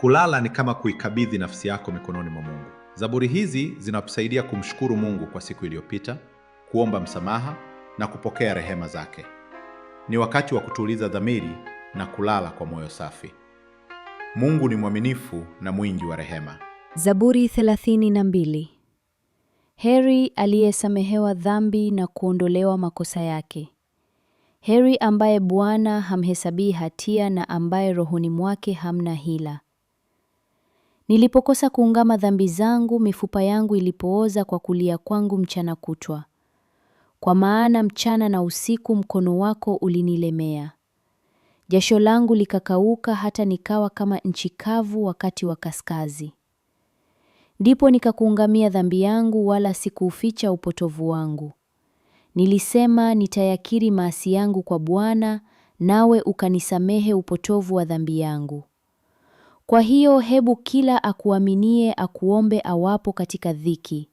Kulala ni kama kuikabidhi nafsi yako mikononi mwa Mungu. Zaburi hizi zinatusaidia kumshukuru Mungu kwa siku iliyopita, kuomba msamaha na kupokea rehema zake. Ni wakati wa kutuliza dhamiri na kulala kwa moyo safi. Mungu ni mwaminifu na mwingi wa rehema. Zaburi 32. Heri aliyesamehewa dhambi na kuondolewa makosa yake. Heri ambaye Bwana hamhesabii hatia na ambaye rohoni mwake hamna hila. Nilipokosa kuungama dhambi zangu, mifupa yangu ilipooza kwa kulia kwangu mchana kutwa. Kwa maana mchana na usiku mkono wako ulinilemea. Jasho langu likakauka hata nikawa kama nchi kavu wakati wa kaskazi. Ndipo nikakuungamia dhambi yangu, wala sikuuficha upotovu wangu. Nilisema, nitayakiri maasi yangu kwa Bwana, nawe ukanisamehe upotovu wa dhambi yangu. Kwa hiyo hebu kila akuaminie akuombe awapo katika dhiki.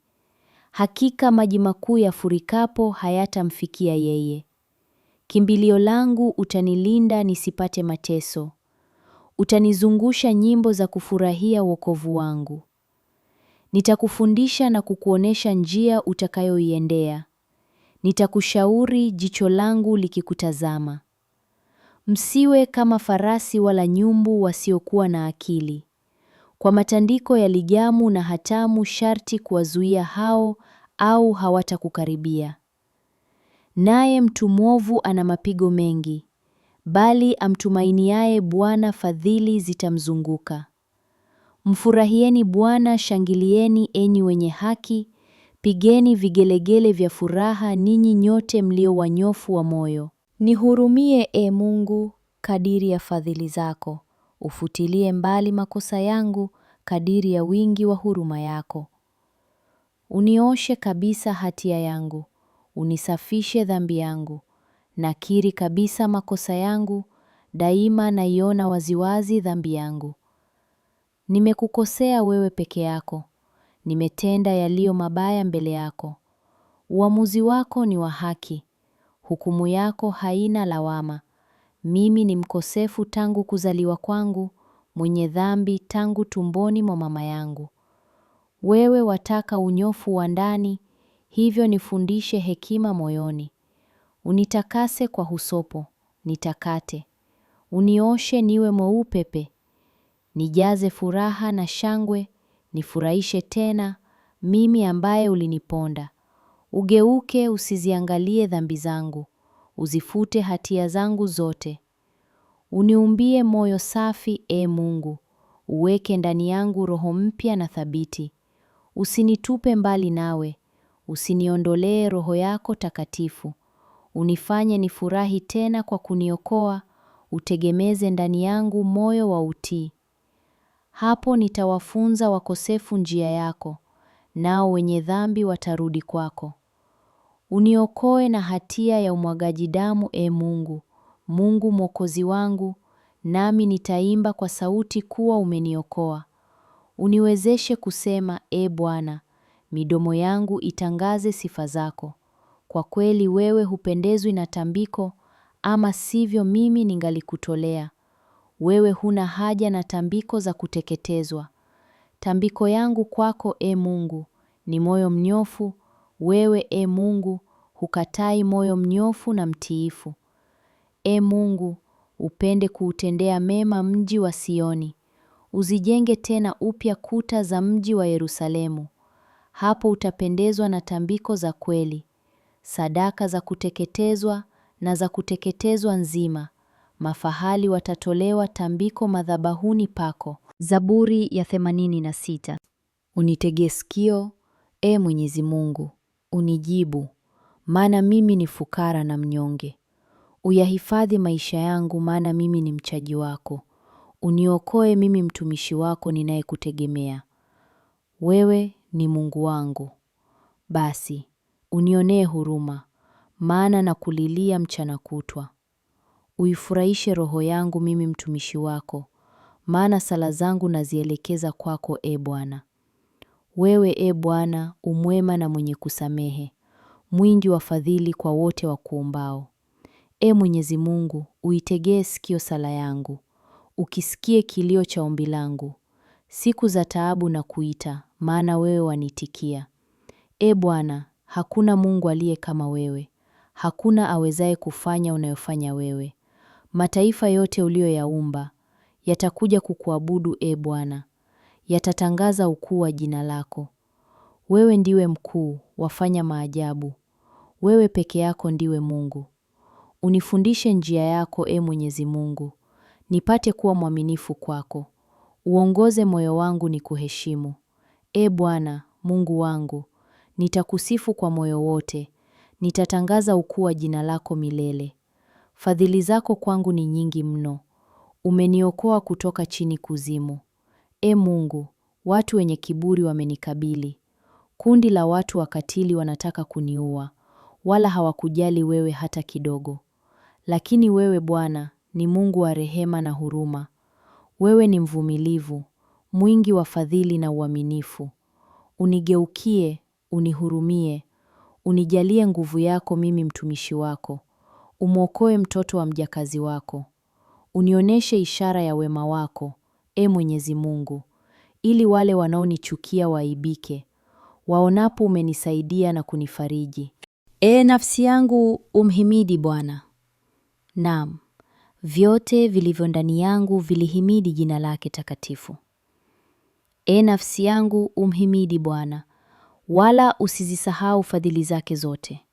Hakika maji makuu yafurikapo hayatamfikia yeye. Kimbilio langu utanilinda nisipate mateso. Utanizungusha nyimbo za kufurahia wokovu wangu. Nitakufundisha na kukuonesha njia utakayoiendea. Nitakushauri jicho langu likikutazama. Msiwe kama farasi wala nyumbu wasiokuwa na akili. Kwa matandiko ya ligamu na hatamu sharti kuwazuia hao, au hawatakukaribia. Naye mtu mwovu ana mapigo mengi, bali amtumainiaye Bwana fadhili zitamzunguka. Mfurahieni Bwana, shangilieni enyi wenye haki, pigeni vigelegele vya furaha ninyi nyote mlio wanyofu wa moyo. Nihurumie, e Mungu, kadiri ya fadhili zako, ufutilie mbali makosa yangu kadiri ya wingi wa huruma yako. Unioshe kabisa hatia yangu, unisafishe dhambi yangu. Nakiri kabisa makosa yangu, daima naiona waziwazi dhambi yangu. Nimekukosea wewe peke yako, nimetenda yaliyo mabaya mbele yako. Uamuzi wako ni wa haki, hukumu yako haina lawama. Mimi ni mkosefu tangu kuzaliwa kwangu, mwenye dhambi tangu tumboni mwa mama yangu. Wewe wataka unyofu wa ndani, hivyo nifundishe hekima moyoni. Unitakase kwa husopo, nitakate. Unioshe niwe mweupe pe. Nijaze furaha na shangwe, nifurahishe tena, mimi ambaye uliniponda. Ugeuke usiziangalie dhambi zangu, uzifute hatia zangu zote. Uniumbie moyo safi, e Mungu, uweke ndani yangu roho mpya na thabiti. Usinitupe mbali nawe, usiniondolee roho yako takatifu. Unifanye nifurahi tena kwa kuniokoa, utegemeze ndani yangu moyo wa utii. Hapo nitawafunza wakosefu njia yako, nao wenye dhambi watarudi kwako. Uniokoe na hatia ya umwagaji damu, e Mungu, Mungu mwokozi wangu, nami nitaimba kwa sauti kuwa umeniokoa. Uniwezeshe kusema, e Bwana, midomo yangu itangaze sifa zako. Kwa kweli wewe hupendezwi na tambiko, ama sivyo mimi ningalikutolea. Wewe huna haja na tambiko za kuteketezwa. Tambiko yangu kwako, e Mungu, ni moyo mnyofu; wewe, e Mungu, hukatai moyo mnyofu na mtiifu. e Mungu, upende kuutendea mema mji wa Sioni. Uzijenge tena upya kuta za mji wa Yerusalemu. Hapo utapendezwa na tambiko za kweli, sadaka za kuteketezwa na za kuteketezwa nzima, mafahali watatolewa tambiko madhabahuni pako. Zaburi ya 86. Unitegee sikio, e Mwenyezi Mungu, unijibu, maana mimi ni fukara na mnyonge. Uyahifadhi maisha yangu, maana mimi ni mchaji wako. Uniokoe mimi mtumishi wako ninayekutegemea. Wewe ni Mungu wangu, basi unionee huruma, maana nakulilia mchana kutwa uifurahishe roho yangu mimi mtumishi wako, maana sala zangu nazielekeza kwako, e Bwana. Wewe e Bwana umwema na mwenye kusamehe, mwingi wa fadhili kwa wote wa kuombao. E Mwenyezi Mungu, uitegee sikio sala yangu, ukisikie kilio cha ombi langu siku za taabu na kuita, maana wewe wanitikia. E Bwana, hakuna Mungu aliye kama wewe, hakuna awezaye kufanya unayofanya wewe. Mataifa yote uliyoyaumba yatakuja kukuabudu, e Bwana, yatatangaza ukuu wa jina lako. Wewe ndiwe mkuu, wafanya maajabu. Wewe peke yako ndiwe Mungu. Unifundishe njia yako, e Mwenyezi Mungu, nipate kuwa mwaminifu kwako. Uongoze moyo wangu ni kuheshimu. E Bwana Mungu wangu, nitakusifu kwa moyo wote, nitatangaza ukuu wa jina lako milele. Fadhili zako kwangu ni nyingi mno, umeniokoa kutoka chini kuzimu. E Mungu, watu wenye kiburi wamenikabili, kundi la watu wakatili wanataka kuniua, wala hawakujali wewe hata kidogo. Lakini wewe Bwana ni Mungu wa rehema na huruma, wewe ni mvumilivu, mwingi wa fadhili na uaminifu. Unigeukie, unihurumie, unijalie nguvu yako, mimi mtumishi wako. Umwokoe mtoto wa mjakazi wako. Unionyeshe ishara ya wema wako, e Mwenyezi Mungu, ili wale wanaonichukia waibike, waonapo umenisaidia na kunifariji. E nafsi yangu, umhimidi Bwana. Naam, vyote vilivyo ndani yangu vilihimidi jina lake takatifu. E nafsi yangu, umhimidi Bwana, wala usizisahau fadhili zake zote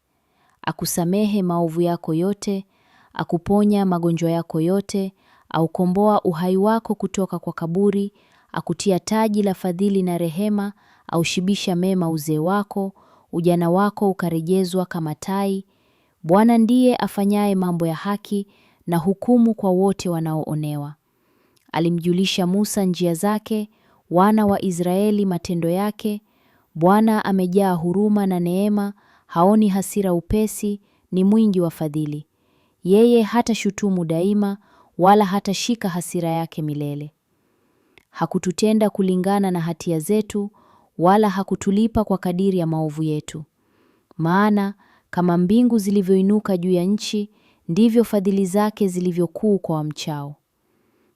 akusamehe maovu yako yote, akuponya magonjwa yako yote, aukomboa uhai wako kutoka kwa kaburi, akutia taji la fadhili na rehema, aushibisha mema uzee wako, ujana wako ukarejezwa kama tai. Bwana ndiye afanyaye mambo ya haki na hukumu kwa wote wanaoonewa. Alimjulisha Musa njia zake, wana wa Israeli matendo yake. Bwana amejaa huruma na neema, haoni hasira upesi, ni mwingi wa fadhili. Yeye hatashutumu daima, wala hatashika hasira yake milele. Hakututenda kulingana na hatia zetu, wala hakutulipa kwa kadiri ya maovu yetu. Maana kama mbingu zilivyoinuka juu ya nchi, ndivyo fadhili zake zilivyokuu kwa wamchao.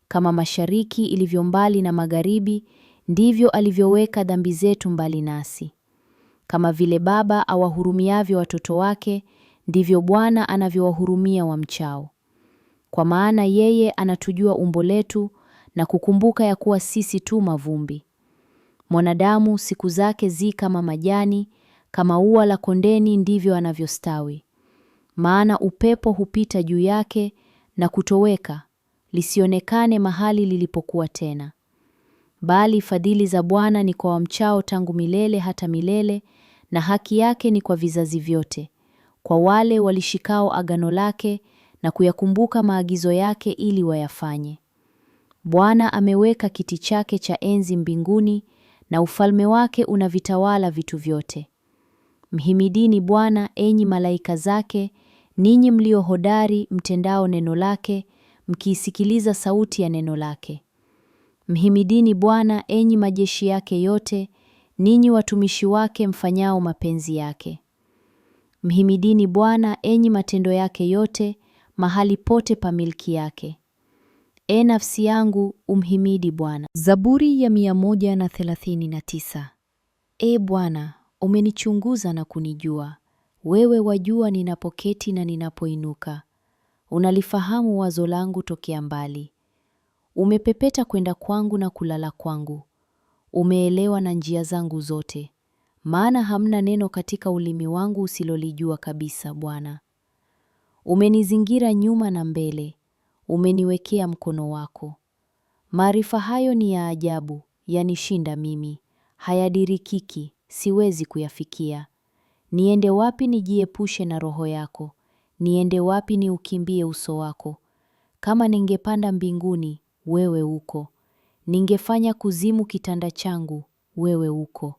Kama mashariki ilivyo mbali na magharibi, ndivyo alivyoweka dhambi zetu mbali nasi. Kama vile baba awahurumiavyo watoto wake, ndivyo Bwana anavyowahurumia wamchao. Kwa maana yeye anatujua umbo letu na kukumbuka ya kuwa sisi tu mavumbi. Mwanadamu siku zake zi kama majani, kama ua la kondeni ndivyo anavyostawi. Maana upepo hupita juu yake na kutoweka, lisionekane mahali lilipokuwa tena. Bali fadhili za Bwana ni kwa wamchao tangu milele hata milele, na haki yake ni kwa vizazi vyote, kwa wale walishikao agano lake na kuyakumbuka maagizo yake ili wayafanye. Bwana ameweka kiti chake cha enzi mbinguni, na ufalme wake unavitawala vitu vyote. Mhimidini Bwana, enyi malaika zake, ninyi mlio hodari mtendao neno lake, mkiisikiliza sauti ya neno lake. Mhimidini Bwana, enyi majeshi yake yote, ninyi watumishi wake mfanyao mapenzi yake. Mhimidini Bwana enyi matendo yake yote, mahali pote pa milki yake. E nafsi yangu, umhimidi Bwana. Zaburi ya 139. E Bwana, umenichunguza na kunijua. Wewe wajua ninapoketi na ninapoinuka. Unalifahamu wazo langu tokea mbali. Umepepeta kwenda kwangu na kulala kwangu umeelewa na njia zangu zote, maana hamna neno katika ulimi wangu usilolijua kabisa. Bwana, umenizingira nyuma na mbele, umeniwekea mkono wako. Maarifa hayo ni ya ajabu, yanishinda mimi, hayadirikiki, siwezi kuyafikia. Niende wapi nijiepushe na roho yako? Niende wapi niukimbie uso wako? Kama ningepanda mbinguni, wewe uko. Ningefanya kuzimu kitanda changu, wewe uko.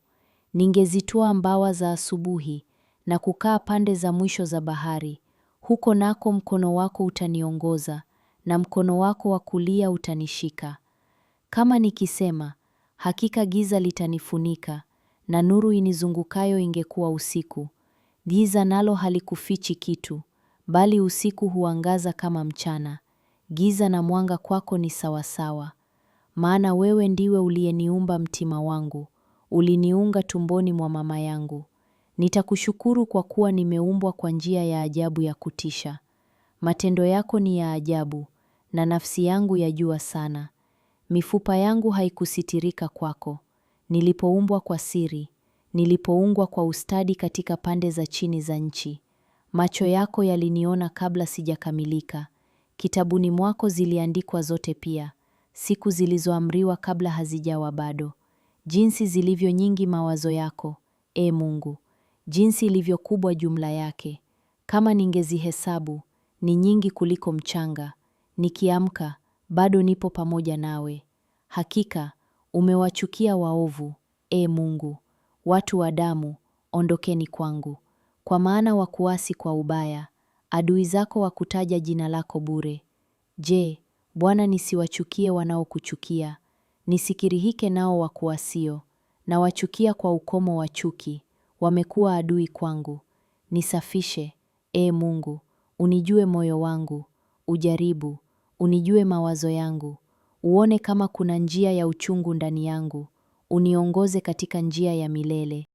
Ningezitoa mbawa za asubuhi na kukaa pande za mwisho za bahari. Huko nako mkono wako utaniongoza na mkono wako wa kulia utanishika. Kama nikisema, hakika giza litanifunika na nuru inizungukayo ingekuwa usiku. Giza nalo halikufichi kitu, bali usiku huangaza kama mchana. Giza na mwanga kwako ni sawasawa maana wewe ndiwe uliyeniumba mtima wangu, uliniunga tumboni mwa mama yangu. Nitakushukuru kwa kuwa nimeumbwa kwa njia ya ajabu ya kutisha. Matendo yako ni ya ajabu, na nafsi yangu yajua sana. Mifupa yangu haikusitirika kwako. Nilipoumbwa kwa siri, nilipoungwa kwa ustadi katika pande za chini za nchi. Macho yako yaliniona kabla sijakamilika. Kitabuni mwako ziliandikwa zote pia siku zilizoamriwa kabla hazijawa bado. Jinsi zilivyo nyingi mawazo yako, e Mungu! Jinsi ilivyokubwa jumla yake! Kama ningezihesabu, ni nyingi kuliko mchanga. Nikiamka, bado nipo pamoja nawe. Hakika umewachukia waovu, e Mungu. Watu wa damu, ondokeni kwangu, kwa maana wakuasi kwa ubaya. Adui zako wakutaja jina lako bure. Je, Bwana, nisiwachukie wanaokuchukia, nisikirihike nao wakuasio. Nawachukia kwa ukomo wa chuki, wamekuwa adui kwangu. Nisafishe, Ee Mungu, unijue moyo wangu, ujaribu, unijue mawazo yangu. Uone kama kuna njia ya uchungu ndani yangu, uniongoze katika njia ya milele.